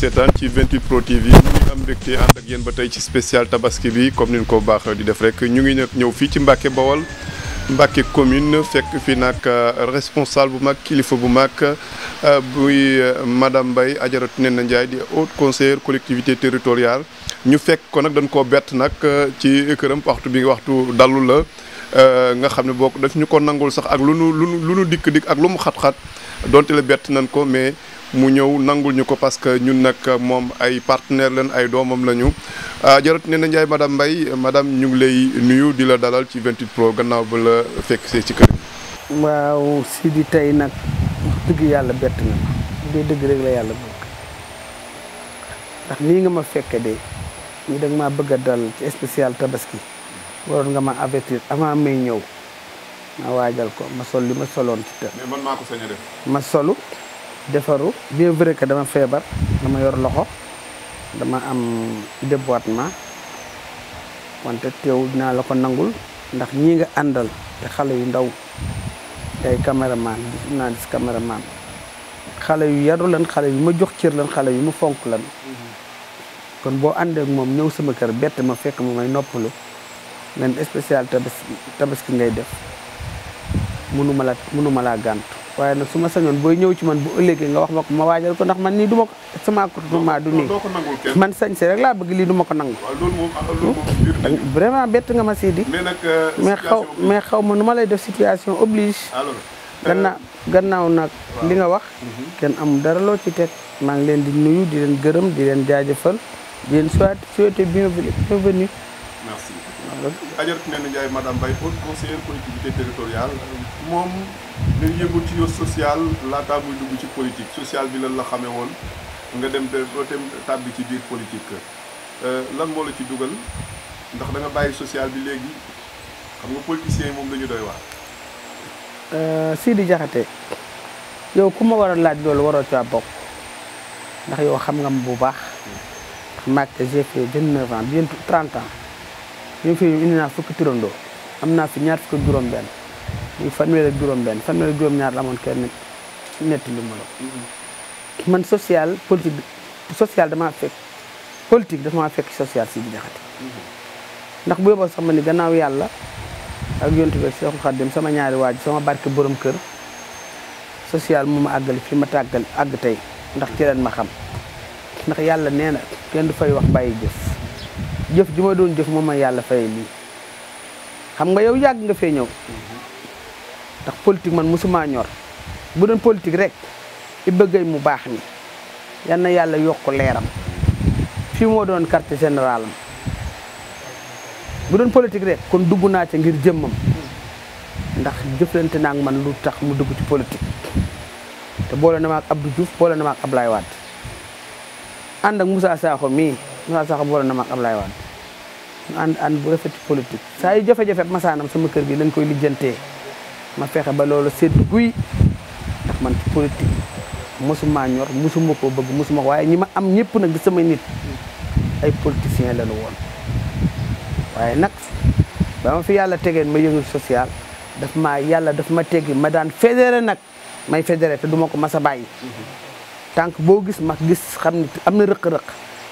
seetaan ci 28 Pro TV ñu ngi am mbégte ànd ak yéen ba tey ci spécial tabaski bi comme ni ñu ko baax di def rek ñu ngi ñëw fii ci Mbacke Bawol Mbacke commune fekk fi nag euh, responsable bu mag kilifa bu mag euh, buy euh, madame mbay Ajaratu Nene Ndiaye di haute conseillère collectivité territoriale ñu fekk ko nag dañ koo bett nag ci këram waxtu bi nga waxtu dallu la nga xam ne boo ko daf ñu ko nangul sax ak lu nu lu nu dikk dikk ak lu mu xat-xat donte la bett nañ ko mais. mu ñëw nangul ñu ko parce que ñun nag moom ay partenaire leen ay doomam la ñu ah, jarot ne na Ndiaye madame Mbaye ñu ngi lay nuyu di la dalal ci 28 pro gannaaw ba la fekk see ci kër waaw si di tey nag dëgg yàlla bett na dee dëgg rek la yàlla bëgg ma fekke de ñi da maa bëgg a dal ci spécial tabaski waroon nga ma avertir avant may ñëw ma waajal ko ma sol li ma soloon ci mais man maa ko ma solu defaru bien vrai que dama feebar dama yor loxo dama am déboîtement wante teew dinaa la ko nangul ndax ñii nga àndal te xale yu ndaw ay caméraman di naa dis caméraman xale yu yaru lan xale yu ma jox cër lan xale yu ma fonk lan kon boo àndee moom ñëw sama kër bett ma fekk ma may noppalu leen spécial tabas tabaski ngay def mënuma mënuma laa gànt waaye na su ma sañoon booy ñëw ci man bu ëllëgee nga wax ma ko ma waajal ko ndax man nii du ma ko sama accoutrement du nii man sañ sañse rek laa bëgg lii du ma ko nangu ah, hmm? vraiment bett nga ma siidi mais euh, xaw mais xaw ma nu ma lay def situation oblige euh, gannaaw gannaaw nag li nga wax mhm. kenn am dara loo ci teg maa ngi leen di nuyu di leen gërëm di leen jaajëfal di leen souhaiter souhaiter bienvenue merci Adja Néné Ndiaye madame Mbaye haute conseillère collectivité nañ yëngu ci social laataa muy dugg ci politique sociale bi lan la xamee woon nga dem te dem bi ci biir politique. Euh, lan moo la ci dugal ndax da bàyyi sociale bi léegi xam nga politiciens yi moom la ñu doy waar. Euh, di Diakhaté yow ku ma war a laaj loolu waroo caa bokk ndax yow xam nga ma bu baax. maag j'ai fait 29 ans bientôt 30 ans ñu fi indi naa fukki turandoo am naa fi ñaar fukki juróom-benn. fanweer ak juróom-benn fanweer ak juróom-ñaar la amoon kenn netti lu ma la man social politique social damaa fekk politique dafa ma fekk social si bi jaxati ndax bu yóbboo sax ma ni gannaaw yàlla ak yontu bi sama ñaari waaj sama barke borom kër social mu ma fi ma tàggal àgg tey ndax ci ma xam ndax yàlla nee na kenn du fay wax bàyyi jëf jëf ji ma doon jëf moom ma yàlla fay lii xam nga yow yàgg nga fee ñëw ndax politique man mosumaa ñor bu doon politique rek i bëggay mu baax ni yal na yàlla yokk leeram fi moo doon quartier général am bu doon politique rek kon dugg naa ca ngir jëmmam ndax jëflante naa ak man lu tax mu dugg ci politique te boole na ma ak Abdou Diouf boole na ma ak Ablaye Wade ànd ak Moussa Sakho mii Moussa Sakho boole na ma ak Ablaye Wade ànd ànd bu rafet ci politique saa yu jafe-jafe masaanam sama kër gi lañ koy lijjantee ma fexe ba loolu sedd guy ndax man ci politique ñor mosuma ko bëgg mosuma ko waaye ñi ma am ñëpp nag di samay nit ay politiciens lañu woon waaye nag ba ma fi yàlla tegeen ma yëngu social daf ma yàlla daf ma teggi ma daan fédéré nag may fédéré te duma ko mas a bàyyi tant boo gis ma gis xam ni am na rëq-rëq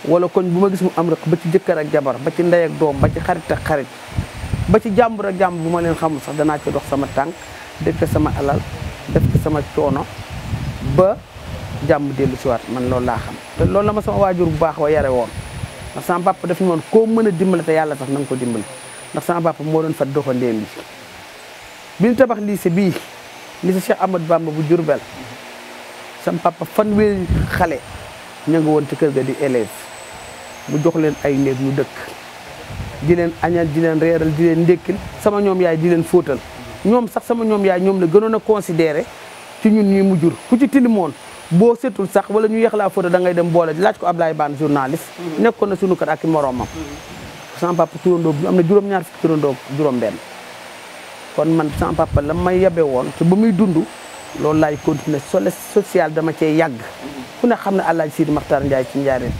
wala koñ bu ma gis mu am rëq ba ci jëkkër ak jabar ba ci ndey doom ba ci xarit ak xarit ba ci jàmbur ak jàmbur bu ma leen xamul sax danaa ci dox sama tànk dëkk sama alal def ko sama coono ba jàmm dellu si waat man loolu laa xam te loolu la ma sama waajur bu baax wa yare woon ndax sama papa daf ñu woon ko mën a dimbale te yàlla sax na nga ko dimbale ndax sama papa moo doon fa doxandéem bi bi ñu tabax lycée bi lycée Cheikh Amadou Bamba bu Diourbel sama fan fanweeri xale ña woon ci kër ga di élève mu jox leen ay néeg ñu dëkk di leen añal di leen reeral di leen ndékkil sama ñoom yaay di leen fóotal ñoom sax sama ñoom yaay ñoom la gënoon a considéré ci ñun ñi mu jur ku ci tilimoon boo setul sax wala ñu yeex laa photo da ngay dem boole laaj ko Ablaye Bane journaliste mm-hmm. nekkoon na sunu kër ak i moroomam mm-hmm. sama papa turandoo am na juróom-ñaar fukki turandoo juróom benn kon man sama papa la may yabe woon te ba muy dund loolu laay continuer sole social dama cee yàgg mm-hmm. ku ne xam ne Alaaji Sidi Maxtaar Ndiaye ci Njaaréem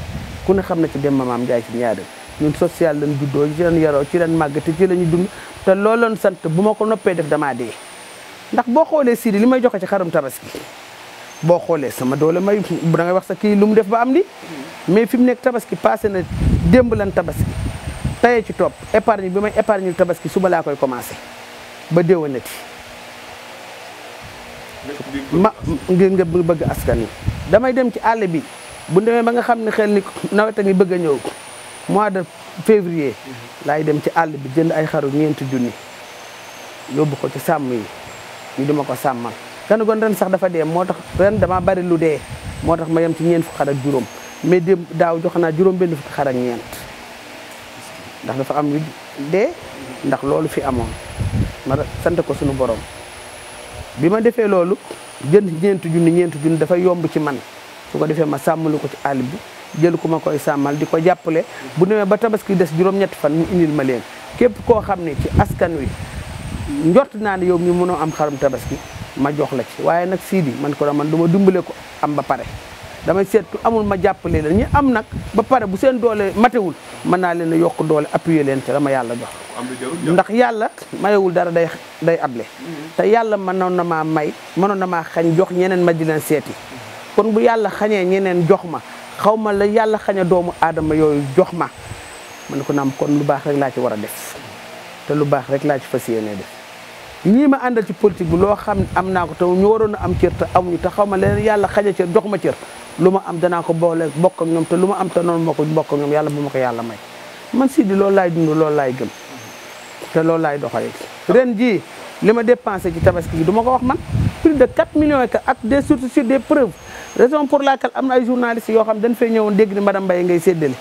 ku ne xam ne ci Demba Maam Ndiaye ci Njaaréem ñun social lañ juddoo ci lañ yaroo ci lañ màgg te ci lañu dund te loolu lañ sant bu ma ko noppee def damaa dee ndax boo xoolee Sidi li may joxe ci xarum tabaski boo xoolee sama doole may da ngay wax sa kii lu mu def ba am li mais fi mu nekk tabaski passé na démb lan tabaski ci topp épargne bi may épargne tabaski suba laa koy commencé ba déwénati ma ngir nga bëgg askan wi damay dem ci àll bi bu demee ba nga xam ne xel ni nawet a ngi bëgg a ñëw mois de février laay dem ci àll bi jënd ay xaru ñeenti junni yóbbu ko ci sàmm yi ñu duma ko sàmmal gana goon ren sax dafa de moo tax ren dama bari lu dee moo tax ma yem ci ñeent fukk xar juróom mais démb daaw jox naa juróom benn fukk xar ak ñeent ndax dafa am yu dee ndax loolu fi amoon ma sant ko sunu borom bi ma defee loolu jënd ñeent junni ñeent junni dafa yomb ci man su ko defee ma sàmmalu ko ci àll bi jël ku ma koy sàmmal di ko jàppale bu demee ba tabaski des juróom-ñetti fan ñu indil ma leen képp koo xam ne ci askan wi njot naa ne yow mi mënoo am xarum tabaski ma jox la waaye nag sii di man ko man du ma dimbale ko am ba pare damay seetu amul ma jàppale leen ñi am nag ba pare bu seen doole matewul mën naa leen a yokk doole appuye leen ci la ma yàlla jox ndax yàlla mayewul dara day day able mm-hmm. te yàlla mënoon na maa may mënoon na maa xañ jox ñeneen ma di leen seeti kon bu yàlla xañee ñeneen jox ma xaw ma la yàlla xañ a doomu aadama yooyu jox ma ma ne ko kon lu baax rek laa ci war a des te lu baax rek laa ci fas yéenee def ñii ma àndal ci politique bi loo xam am naa ko te ñu waroon am cër te amuñu te xaw ma leen yàlla xañ a cër jox ma cër lu ma am danaa ko boole bokk ak ñoom te lu ma am te noonu ma ko ñoom yàlla bu ma ko yàlla may man Sidi loolu laay dund loolu laay gëm te loolu laay doxalee ren jii li ma dépensé ci tabaski gi du ko wax man plus de 4 millions et ak des surtout sur des preuves raison pour laquelle am na ay journalistes yoo xam dañ fay ñëwoon dégg ni madame Mbaye ngay séddale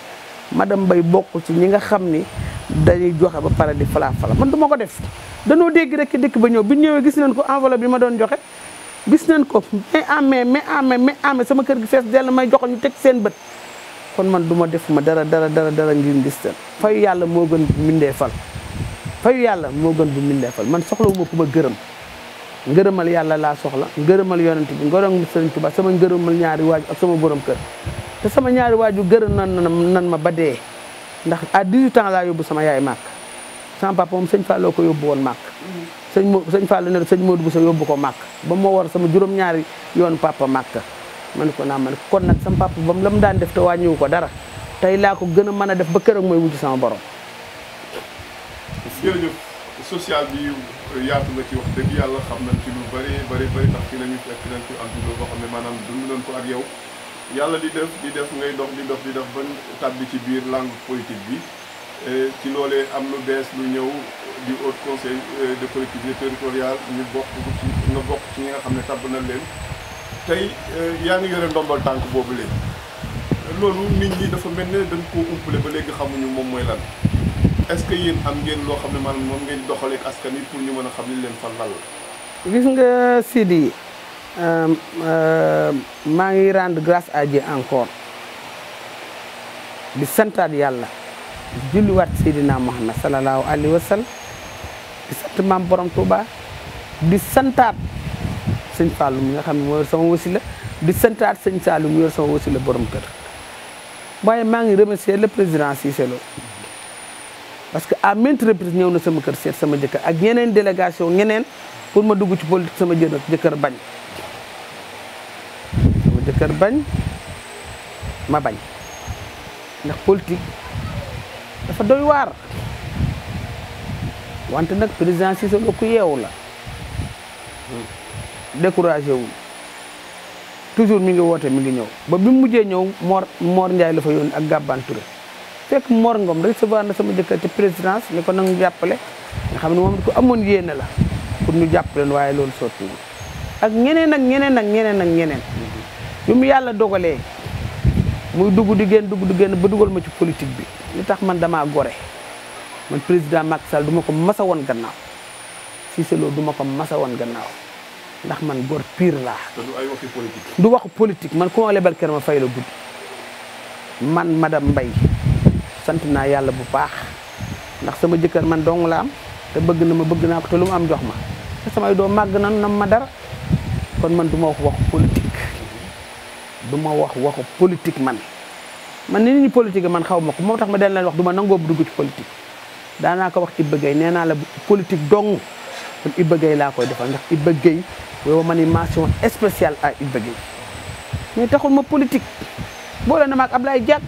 madame Mbaye bokk ci ñi nga xam ni dañuy joxe ba pare di fala fala man du ma ko def danoo dégg rek dëkk ba ñëw bi ñëwee gis nañ ko enveloppe bi ma doon joxe gis nañ ko mais amee mais amee mais amee sama kër gi fees dell may jox ñu teg seen bët kon man du ma def ma dara dara dara dara ngir gis fayu yàlla moo gën mbindee fal fayu yàlla moo gën bu min defal man soxla ku ma gërëm ngërëmal yàlla laa soxla ngërëmal yonent bi ngërëm sëriñ Tuubaa sama ngërëmal ñaari waaju ak sama borom kër te sama ñaari waaju gërëm nan nan ma ba dee ndax à 18 ans laa yóbbu sama yaay màkk sama papa moom sëñ Fallou ko yóbbu woon màkk sëñ mo sëñ Fallou ne sëñ Modou Bousso yóbbu ko màkk ba moo war sama juróom-ñaari yoon papa màkk ma ne ko naa ma kon nag sama papa ba mu la mu daan def te wàññiwu ko dara tey laa ko gën mën a def ba kër ak mooy wuti sama borom jërëjëf social bi yaatu nga ci wax dëgg yàlla xam nañ ci lu bëri bëri bëri tax ci nañu fekk nañ ci am boo xam ne maanaam dund nañ ko ak yow yàlla di def di def ngay dox di dox di def ba tàbbi ci biir langue politique bi eh, ci loolee am lu bees lu ñëw di haut conseil eh, de collectivité territoriale ñu bokk ci bokk ci nga xam ne tàbb na leen tey eh, yaa ngi yore ndombal tànk boobu léegi loolu nit ñi dafa mel ne dañ koo umpale ba léegi xamuñu moom mooy lan est-ce que yéen am ngeen loo xam ne maanaam moom ngeen doxalee askan wi pour ñu mën a xam li leen fa lal gis nga Sidi euh, euh, maa ngi rend grace à Dieu encore di santaat yàlla di julliwaat Seydina Muhammad sallallahu alayhi wa sallam di di santaat sëñ Fallou mi nga xam ne moo yor sama wasila di santaat sëñ Sallou mi yor sama wasila borom kër waaye maa ngi remercier le président Cissé Lo parce que à maintes reprises ñëw na sama kër seet sama jëkkër ak ñeneen délégation ñeneen pour ma dugg ci politique sama jëkkër jëkkër bañ sama jëkkër bañ ma bañ ndax politique dafa doy waar wante nag président Cissé Lo ku yeewu la découragé wul toujours mi ngi woote mu ngi ñëw ba bi mu mujjee ñëw Mor Mor Ndiaye la fa yónni ak Gabane Touré fekk Mor Ngom recevoir na sama jëkkër ci présidence ni ko nangu jàppale nga xam ne moom ko amoon yéene la pour ñu jàppaleen waaye loolu sotti ak ñeneen ak ñeneen ak ñeneen ak ñeneen bi mu yàlla dogalee muy dugg di génn dugg di ba dugal ma ci politique bi li tax man damaa gore man président Macky Sall du ma ko masa woon gannaaw Cissé Lo du ma ko masa woon gannaaw ndax man gor piir laa du waxu politique man ku ma lebal kër ma fay la guddi man madame Mbaye sant naa yàlla bu baax ndax sama jëkkër man dong la am te bëgg na ma bëgg naa ko te lu mu am jox ma te samay doom màgg na nam ma dara kon man du ma wax waxu politik du ma wax waxu politique man man ni nit ñi politique man xaw ma ko moo tax ma den leen wax du ma nangoo bu dugg ci politique daanaa ko wax Ibba Gueye nee naa la politique dong kon Ibba Gueye laa koy defal ndax Ibba Gueye yow ma ni mention spéciale à Ibba Gueye mais taxul ma politique boole na ma ak Ablaye Diack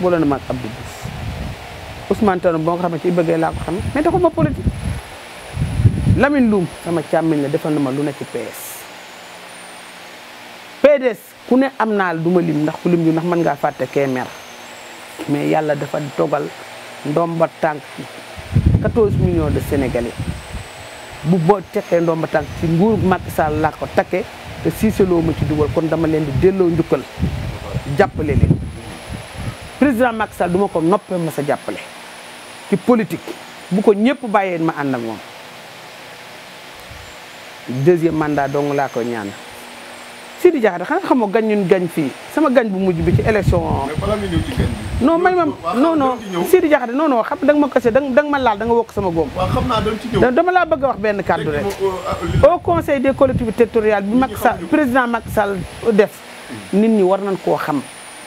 boole na ma ak Abdou Diouf Ousmane Tanor boo ko xamee ci bëggee laa ko xamee mais defuma politique Lamine Loum sama càmmiñ la defal na ma lu ne ci PS PDS ku ne am naa du ma lim ndax ku lim ju ndax mën ngaa fàtte Kébémer mais yàlla dafa dogal ndomba tànk 14 millions de sénégalais bu boo tekkee ndomba tànk ci nguur Macky Sall laa ko takke te Cissé Lo ma ci dugal kon dama leen di delloo njukkal jàppale leen président Macky Sall du ma ko noppee ma sa jàppale ci politique bu ko ñëpp yee ma ànd ak moom deuxième mandat dong laa ko ñaan Sidi Diakhaté xanaa xamoo gañ ñun gañ fii sama gañ bu mujj bi ci élection. mais bala muy ñëw ci gañ bi. non may ma non non Sidi Diakhaté non da ma kase da nga ma laal danga nga wokk sama góom. waaw xam dama laa bëgg wax benn kàddu rek. Euh, euh, au conseil des collectivités territoriales bi Macky Sall président Macky Sall def. nit ñi war nañ koo xam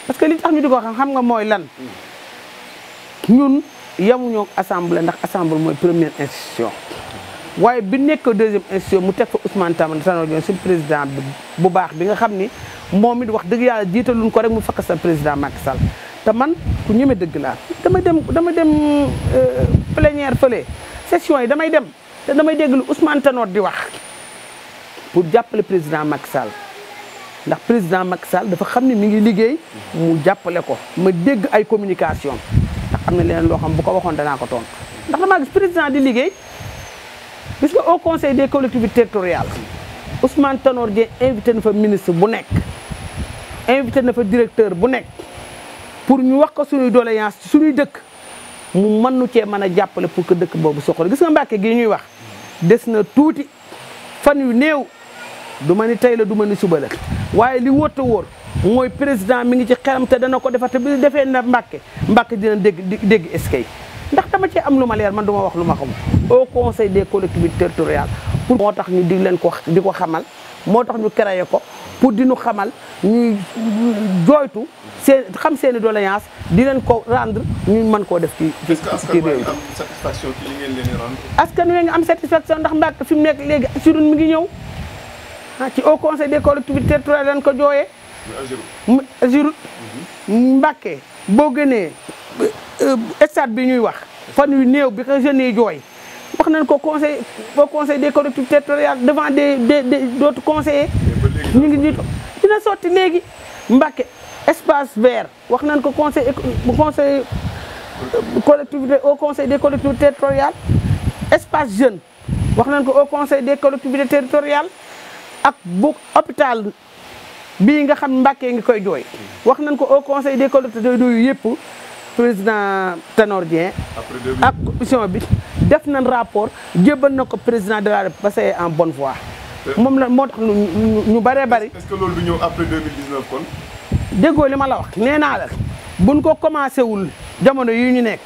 parce que li tax ñu di ko xam xam nga mooy lan hmm. ñun. yamuñoo ak assemblée ndax assemblée mooy première institution waaye bi nekk deuxième institution mu teg fa Ousmane Tanor Dieng suñu président bu baax bi nga xam ni moom di wax dëgg yàlla jiitaluñ ko rek mu fakk sa président Macky sal te man ku ñeme dëgg laa dama dem dama dem euh, plénière fële session yi damay dem te damay déglu Ousmane Tanor di wax pour jàppale président Macky sal ndax président Macky sal dafa xam ne mi ngi liggéey mu jàppale ko ma dégg ay communication te xam ne leen loo xam bu ko waxoon danaa ko tontu ndax damaa gis président di liggéey gis su au conseil des collectivités territoriales Ousmane Tanor Dieng invité na fa ministre bu nekk invité na fa directeur bu nekk pour ñu wax ko suñuy doléance suñuy dëkk mu mën nu cee mën a jàppale pour que dëkk boobu soxla gis nga Mbàkke gi ñuy wax des na tuuti fan yu néew du ma ni tey la du ma ni suba la waaye li wóor te mooy président mi ngi ci xelam te dana ko defar te bi defee na Mbàkke Mbàkke dina dégg dégg eskay ndax dama cee am lu ma leer man du ma wax lu ma xam au conseil des collectivités territoriales pour moo tax ñu dig leen ko di ko xamal moo tax ñu créé ko pour di ñu xamal ñuy jooytu seen xam seen i doléance di leen ko rendre ñu mën koo def ci ci réew mi satisfaction ci li ngeen leen rendre askan wi nga am satisfaction ndax Mbàkke fi mu nekk léegi assurance mi ngi ñëw ah ci au conseil des collectivités territoriales leen ko jooyee Azurut mhm. Mbàkke boo gënee euh, stade bi ñuy wax fan yu néew bi ko jeunes yi jooy wax nañ ko conseil au conseil de collectivités territoriales devant des des d' autres conseillers ñu ngi ñu dina sotti léegi Mbàkke espace vert wax nañ ko conseil conseil euh, collectivité au conseil de collectivités territoriales espace jeune wax nañ ko au conseil des collectivités territoriales ak bu hôpital bii nga xam mbàkkee nga koy jooy wax nañ ko au conseil des collectivités yooyu yëpp président Tanor Dieng ak commission bi def nañ rapport jébbal na ko président de la République ba c'est en bonne voie euh, moom la moo tax ñu bëree bari est que loolu du ñëw après 2019 li ma la wax nee naa la buñ ko commencé wul jamono yi ñu nekk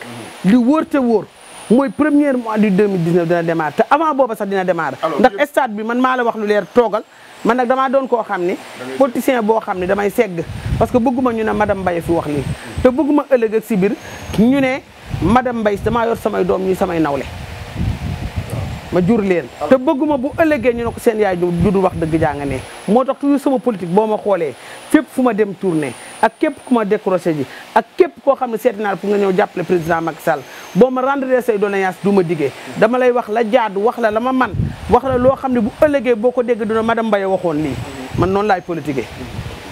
li wóor te wóor mooy premier mois du 2019 dina démarrer te avant booba sax dina démarrer ndax stade bi man maa wax lu leer toogal man nag damaa doon koo xam ni politicien boo xam ne damay segg parce que bëgguma ñuna ne madame Mbaye fi wax lii te bëgguma ëllëg ak si biir ñu ne madame Mbaye damaa yor samay doom ñuy samay nawle ma jur leen te bëgguma bu ëllëgee ñu ne ko seen yaay judul wax dëgg jaa ne moo tax toujours sama politique boo ma xoolee fépp fu ma dem tournée ak képp ku ma décroché ji ak képp koo xam ne seeti naa pour nga ñëw jàppale président Macky Sall boo ma rendre say doléances du ma diggee dama lay wax la jaadu wax la la ma man wax la loo xam ne bu ëllëgee boo ko dégg duna madame Mbaye waxoon lii man noonu laay politiquer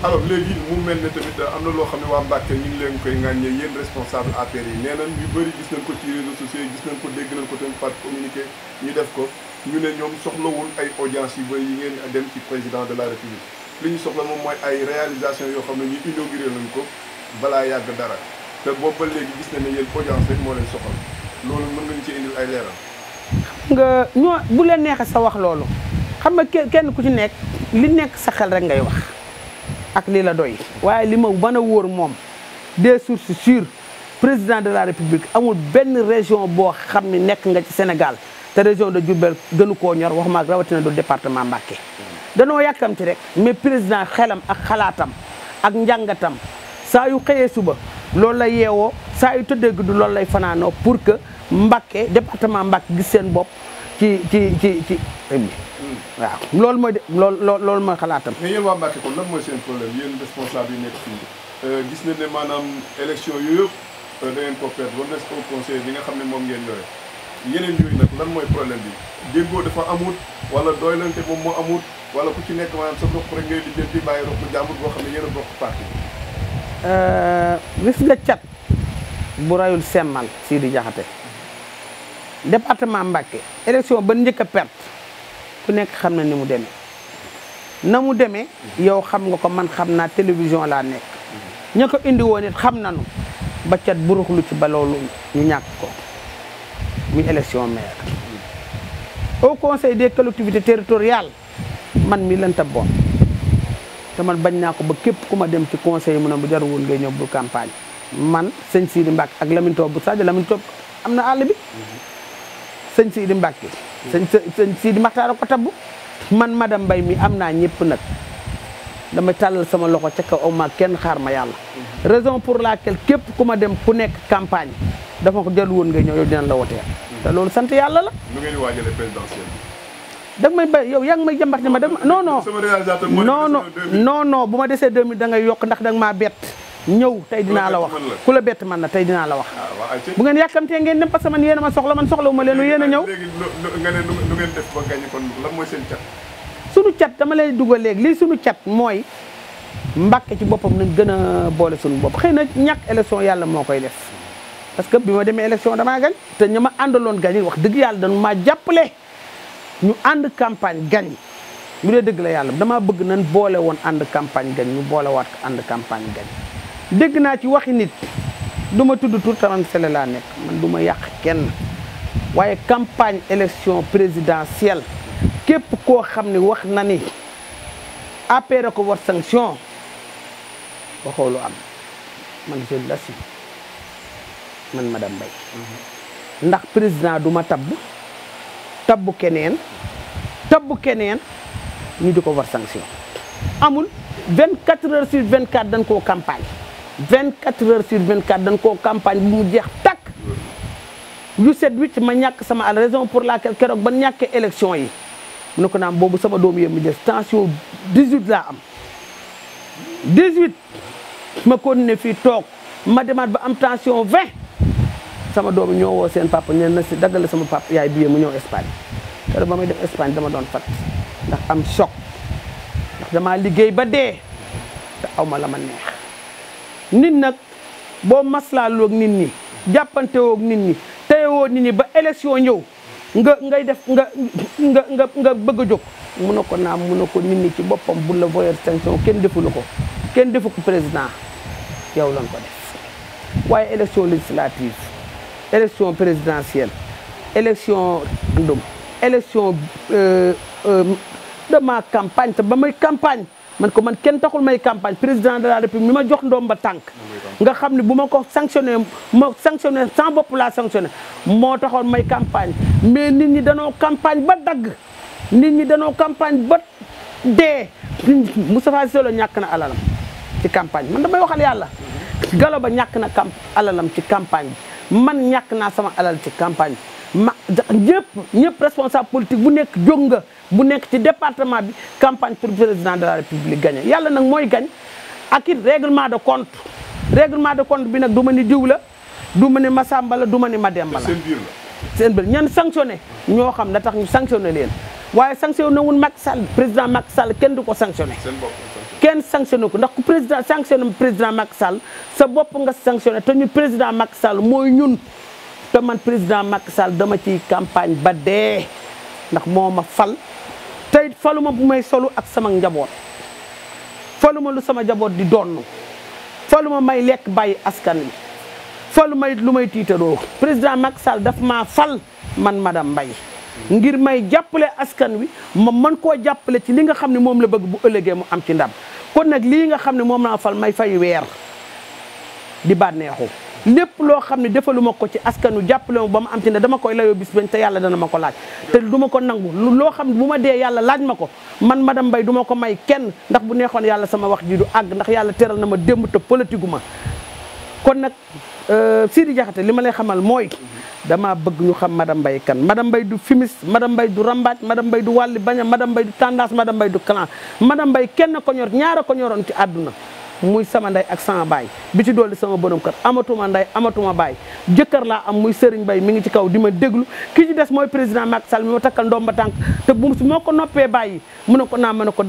alors léegi mu mel ne tamit am na loo xam ne waa Mbàkke ñu ngi leen koy ŋàññee yéen responsable APR yi nee nañ ñu bëri gis nañ ko ci réseaux sociaux yi gis nañ ko dégg nañ ko tamit par communiqué ñu def ko ñu ne ñoom soxlawul ay audience yu ba yi ngeen dem ci président de la république li ñu soxla moom mooy ay réalisation yoo xam ne ñu inauguré nañ ko balaa yàgg dara te boobu ba léegi gis nañ ne yéen audience rek moo leen soxal loolu mën nañu ñu ci indil ay leeral nga ñoo bu leen neexee sa wax loolu xam nga kenn ku ci nekk li nekk sa xel rek ngay wax ak lii la doy waaye li ma mën a wóor moom des sources sûres président de la république amul benn région boo xam ne nekk nga ci Sénégal te région de Diourbel gënu koo ñor wax maag rawatina du département Mbacké danoo yàkkamti rek mais président xelam ak xalaatam ak njàngatam saa yu xëyee suba loolu lay yeewoo saa yu tëddee guddi loolu lay fanaanoo pour que Mbacké département Mbacké gis seen bopp ci ci ci ci waaw loolu mooy de loolu lool mooy xalaatam. mais yéen waa Mbacke kon lan mooy seen problème yéen responsable yi nekk fii euh, gis nañ ne maanaam élection yooyu yëpp euh, da ngeen conseil bi nga xam ne moom ngeen yore yeneen yooyu nag lan mooy problème bi déggoo dafa amut wala doylante moom moo amut wala ku ci nekk maanaam sa bopp rek ngay lijjal di bàyyi boo xam ne yéen a bokk parti. Euh, gis nga cat bu rayul semmal Sidi Diakhaté. département Mbacké élection ba njëkk a perte ku nekk xam na ni mu demee na mu demee yow xam nga ko man xam naa télévision laa nekk ña ko indi woon it xam nañu ba cat buruxlu ci ba loolu ñu ñàkk ko muy élection maire au conseil des collectivités territoriales man mi lan ta bon te man bañ naa ko ba képp ku ma dem ci conseil mu na bu jarul woon ngay ñëw bu campagne man sëñ Sidi Mbacke ak Lamine Top bu Sadio Lamine Top am na àll sëñ Sidi Mbacke sëñ sëñ Sidi Maxtaar ko tabb man ma madame Mbaye mi am naa ñëpp nag damay tàllal sama loxo ca kaw ma kenn xaar ma yàlla raison pour la laquelle képp ku ma dem ku nekk campagne dafa ko jël woon nga ñëw yow dinañ la woteel te loolu sant yàlla la nu ngeen waajale présidentiel da nga may ba yow yaa ngi may jàmbat ne ma da non non non bu ma desee mi da ngay yokk ndax da nga maa bett ñëw tey dinaa la wax ku la bett man la tey dinaa la wax ah, bu ngeen yàkkamtee ngeen dem parce que man yéen ma soxla man soxlawu ma leen yéen a ñëw léegi nga cat dama lay dugal léegi lii suñu cat mooy Mbàkke ci boppam nañ gën a boole suñu bopp xëy na ñàkk élection yàlla moo koy def parce que bi ma demee élection damaa gañ te ña ma àndaloon gañ wax dëgg yàlla dañu maa jàppale ñu ànd campagne gañ bu dee dëgg la yàlla damaa bëgg nañ boole woon ànd campagne gañ ñu boole waat ànd campagne gañ dégg naa ci waxi nit du ma tudd tour taman sele laa nekk man du ma yàq kenn waaye campagne élection présidentielle képp koo xam ne wax na ni APR ko war sanction waxoo lu am man je l'assume man madame Mbaye mhm. ndax président du ma tabb tabb keneen tabb keneen ñu di ko war sanction amul 24 heures vingt 24 dañ koo campagne 24 heures vingt 24 dañ koo campagne bu mu jeex takk lu set wicc ma ñàkk sama àll raison pour laquelle keroog ba ñàkkee élection yi mu ne ko naam boobu sama doom yëpp mu des tension 18 laa am 18 ma continué fii toog ma demaat ba am tension 20 sama doom ñoo woo seen papa ne na si daggale sama papa yaay bi mu ñoo Espagne keroog ba may dem Espagne dama doon fat ndax am choc ndax damaa liggéey ba dee te aw ma la ma nit nag boo maslaa loog nit ñi jàppantewoog nit ñi teyewoo nit ñi ba élection ñëw nga ngay def nga nga nga nga bëgg a jóg mun na ko naam mun na ko nit ñi ci boppam bu la voyer sanction kenn defulu ko kenn defu ko président yow lan ko def waaye élection législative élection présidentielle élection ndum élection euh, euh, dama campagne te ba may campagne man ko man kenn taxul may campagne président de la république mi ma jox ndoom ba tànk nga xam ne bu ma ko sanctionné ma sanctionné sans bopp laa sanctionné moo taxoon may campagne mais nit ñi danoo campagne ba dagg nit ñi danoo campagne ba dee Moustapha Cissé Lo ñàkk na alalam ci campagne man may waxal yàlla Galo Ba ñàkk na camp alalam ci campagne bi man ñàkk naa sama alal ci campagne bi ma ñëpp ñëpp responsable politique bu nekk jóg nga bu nekk ci département bi campagne pour président de la république gagné yàlla nag mooy gañ ak it règlement de compte réglement de compte bi nag du ma ni diw la du ma ni Masamba la du ma ni Mademba la seen biir ñan ñoo xam na tax ñu sanctionné leen waaye sanctionné wun Macky Sall président Macky Sall kenn du ko sanctionné kenn sanctionné ko ndax ku président sanctionné président Macky Sall sa bopp nga sanctionné te ñu président Macky Sall mooy ñun te man président Macky Sall dama ci campagne ba dee ndax moo ma fal tey faluma bu may solu ak sama njaboot faluma lu sama njaboot di donn faluma may lekk bay askan wi faluma it lu may tiitaroo président Macky Sall daf ma fal man madame mbay ngir may jàppale askan wi ma mën koo jàppale ci li nga xam ne moom la bëgg bu ëllëgee mu am ci ndam kon nag lii nga xam ne moom naa fal may fay weer di bànneexu lépp loo xam ne defaluma ko ci askanu jàppale ma ba mu am ci ne dama koy layoo bis bañ te yàlla dana ma ko laaj te du ma ko nangu loo xam ne bu ma dee yàlla laaj ma ko man madame Mbaye du ma ko may kenn ndax bu neexoon yàlla sama wax ji du àgg ndax yàlla teral na ma démb te politique ma kon nag euh, Sidi Diakhaté li ma lay xamal mooy dama bëgg ñu xam madame Mbaye kan madame mbay du fimis madame mbay du rambaaj madame mbay du wàlli baña madame mbay du tendance madame Mbaye du clan madame Mbaye kenn ko ñor ñaara ko ñoroon ci àdduna muy sama nday ak sama baay bi ci dolli sama borom kër amatuma nday amatuma baay jëkkër laa am muy Serigne Bay mi ngi ci kaw di ma déglu ki ci des mooy président Macky Sall mi ma takkal ndomba tànk te bu moo ko noppee bàyyi mu ne ko naa ma ne ko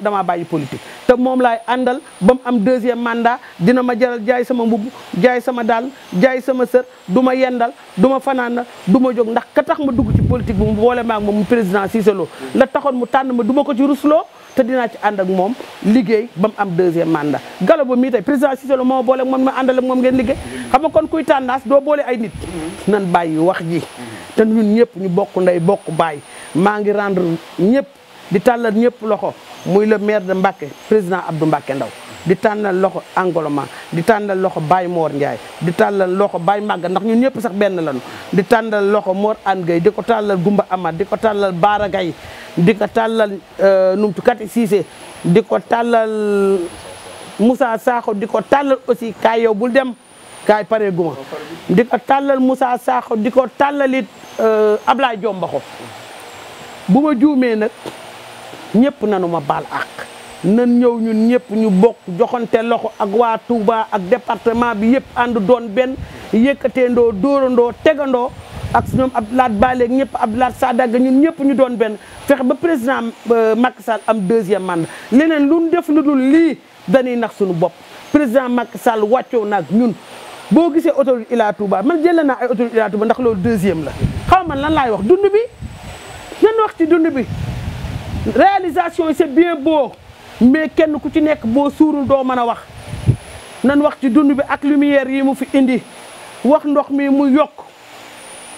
damaa bàyyi politique te moom laay àndal ba mu am deuxième mandat dina ma jaral jaay sama mbubb jaay sama daal jaay sama sër du ma yendal du ma fanaana du ma jóg ndax ka tax ma dugg ci politique bi mu boole maag mu président Cissé taxoon mu tànn ma du ko ci rusloo te dinaa ci ànd ak moom liggéey ba am deuxième manda Gallo Ba mii tey président Cissé Lo moo boole moom ma àndal ak moom geen liggéey xam nga kon kuy tendance doo boole ay nit nan bàyyi wax ji te ñun ñëpp ñu bokk nday bokk bàyyi maa ngi rendre ñëpp di tàllal ñëpp loxo muy le maire de Mbacké président Abdou Mbacké Ndaw di tànnal loxo Angoloma di tànnal loxo Baye Mor Ndiaye di tànnal loxo Baye Màgga ndax ñun ñëpp sax benn lañu di tànnal loxo Mor An Gueye di ko tàllal Gumba Amad di ko tàllal Baara Gaye di ko tàllal euh, numtu Kati sise di ko tàllal musa Sakho di ko tàllal aussi kaay yow bul dem kaay pare guma di ko tàllal Moussa Sakho di ko tàllalit euh, Ablaye Diombaxo bu ma juumee nag ñëpp nanu ma baal àq nan ñëw ñun ñëpp ñu bokk joxante loxo ak waa tuba ak departement bi yëpp ànd doon benn yëkkateendoo dóorandoo tegandoo ak ñoom Abdoulaye Bale ak ñëpp Abdoulaye Sadaga ñun ñëpp ñu doon benn fexe ba président euh, mak Sall am deuxième mandat leneen lu ñu def lu dul lii dañuy nax suñu bopp président Macky Sall wàccoo nag ñun boo gisee autoroute Ila Touba man jëlee naa ay autoroute Ila Touba ndax loolu deuxième la xaw man lan laay wax dund bi nan wax ci dund bi réalisation yi c'est bien beau mais kenn ku ci nekk boo suuru doo mën a wax nan wax ci dund bi ak lumière yi mu fi indi wax ndox mi mu yokk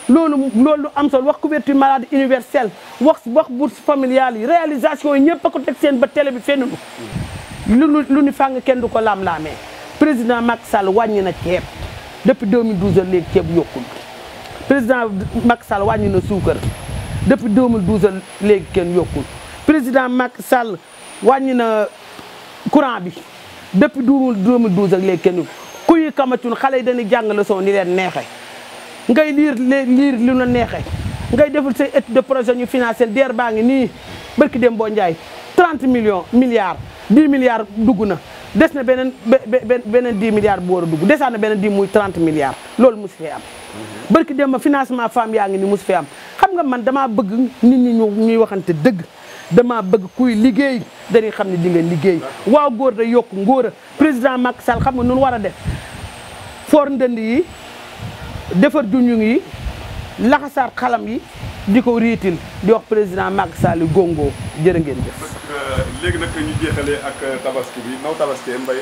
loolu loolu am solo wax couverture maladie universelle wax wax bourse familiale yi réalisation yi ñëpp a ko teg seen ba télé bi fenn lu nu lu nu fàng kenn du ko laam-laamee président Macky Sall wàññi na ceeb depuis 2012 ak léegi ceeb yokkul président Macky Sall wàññi na suukar depuis 2012 ak léegi kenn yokkul. président mak Sall wàññi na courant bi depuis 2012 ak léegi kenn kuy kamatun xale yi dañuy jàng soon ni leen neexe ngay liir liir lu la neexe ngay deful say étude de projet ñu financé DER baa ngi nii barki dem boo Ndiaye 30 million milliards 10 milliards dugg na des na beneen beneen 10 milliards bu war a dugg desaat na beneen 10 muy 30 milliards loolu mosu fee am. barki dem ba financement femme yaa ngi nii mosu fee am xam nga man damaa bëgg nit ñi ñu ñuy waxante dëgg. dama bëgg kuy liggéey dañuy xam ne di nga liggéey waaw góor da yokk ngóor a président Macky Sall xam nga nun war a def for ndënd yi defar junjung yi laxasaar xalam yi di ko di wax président Macky Sall gongo jërë ngeen jëf. Euh, léegi nag ñu jeexalee ak euh, tabaski bi mbay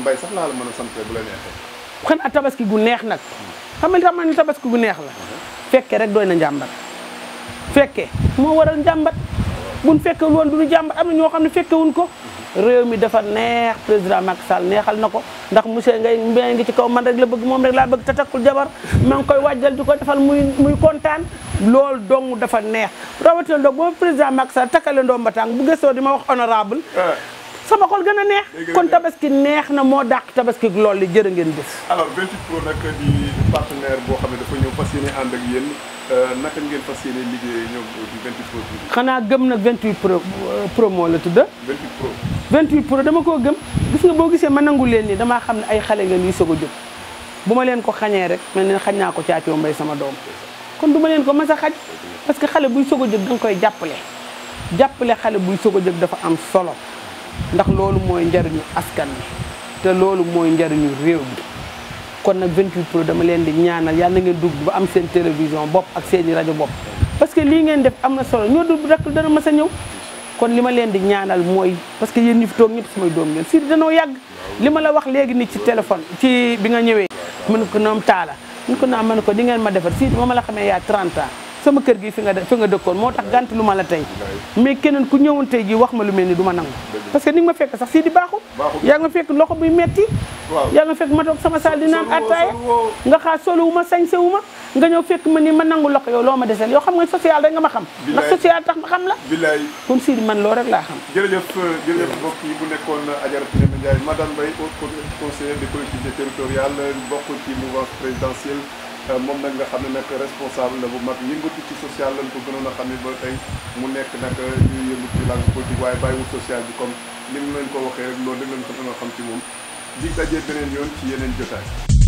mbay euh, sax laa la mën a sant xanaa tabaski gu neex nag xam nga ni tabaski gu neex la mhm. fekke rek dooy na njàmbat fekke moo waral njàmbat. buñ fekke woon duñu jàmbat am na ñoo xam ne fekkewuñ ko rew mi dafa neex président Macky saal neexal na ko ndax monsieur ngay mbay ngi ci kaw man rek la bëgg moom rek laa bëgg te takkul jabar ma ngi koy wàjjal di ko defal muy muy kontaan lool dong dafa neex rawatina ndoog boobu président Macky Sall takkale ndoom ba tàng bu gëstoo di ma wax honorable eh. sama xol gën a neex. kon tabaski neex na moo dàq tabaski lool li jër ngeen jëf. alors 28 Pro boo xam dafa ñëw fas yéene ànd ak yéen euh, naka ngeen fas xanaa gëm nag 28 Pro euh, Pro moo la tudd. 28 Pro. 28 Pro dama koo gëm gis nga boo gisee ma nangu leen ni damaa xam ne ay xale ngeen yu soog a jóg bu ma leen ko xañee rek mel ne xañ naa ko caacoo may sama doom kon du ma leen ko mas a xaj parce que xale buy soog a jóg da nga koy jàppale jàppale xale buy soog a jóg dafa am solo ndax loolu mooy njariñu askan te loolu mooy njariñu réew mi kon nag 28 pro dama leen di ñaanal yàlla na ngeen dugg ba am seen télévision bopp ak seeni rajo bopp parce que lii ngeen def am na solo ñoo dugg rek dana mas a ñëw kon li ma leen di ñaanal mooy parce que yéen yi fi toog ñëpp samay doom ngeen si danoo yàgg li ma la wax léegi nit ci téléphone ci bi nga ñëwee ma mën ko noom taala mun ko ma mën ko di ngeen ma defar si moom la xamee yaa 30 sama kër gi fi nga fi nga dëkkoon moo tax gànt lu ma la tey mais keneen ku ñëwoon tey ji wax ma lu mel ni du ma nangu parce que ni nga ma fekk sax sii di baaxu yaa nga fekk loxo buy metti yaa nga fekk ma toog sama saal di naan attaaya nga xaar solowu ma sañse wu ma nga ñëw fekk ma ni ma nangu loxo yow loo ma deseel yoo xam nga social rek nga ma xam ndax social tax ma xam la bilaay kon sii di man loo rek laa xam jërëjëf jërëjëf yi bu nekkoon Adjaratou Ndémé Ndiaye madame Mbaye haute conseillère des moom nag nga xam ne nag responsable la bu mag yëngatu ci social lañ ko gënoon xam ne ba tey mu nekk nag ñuy yëngu ci langue politique waaye bàyyiwul social bi comme ni mu leen ko waxee rek loolu da ko gën a xam ci moom di dajee beneen yoon ci yeneen jotaay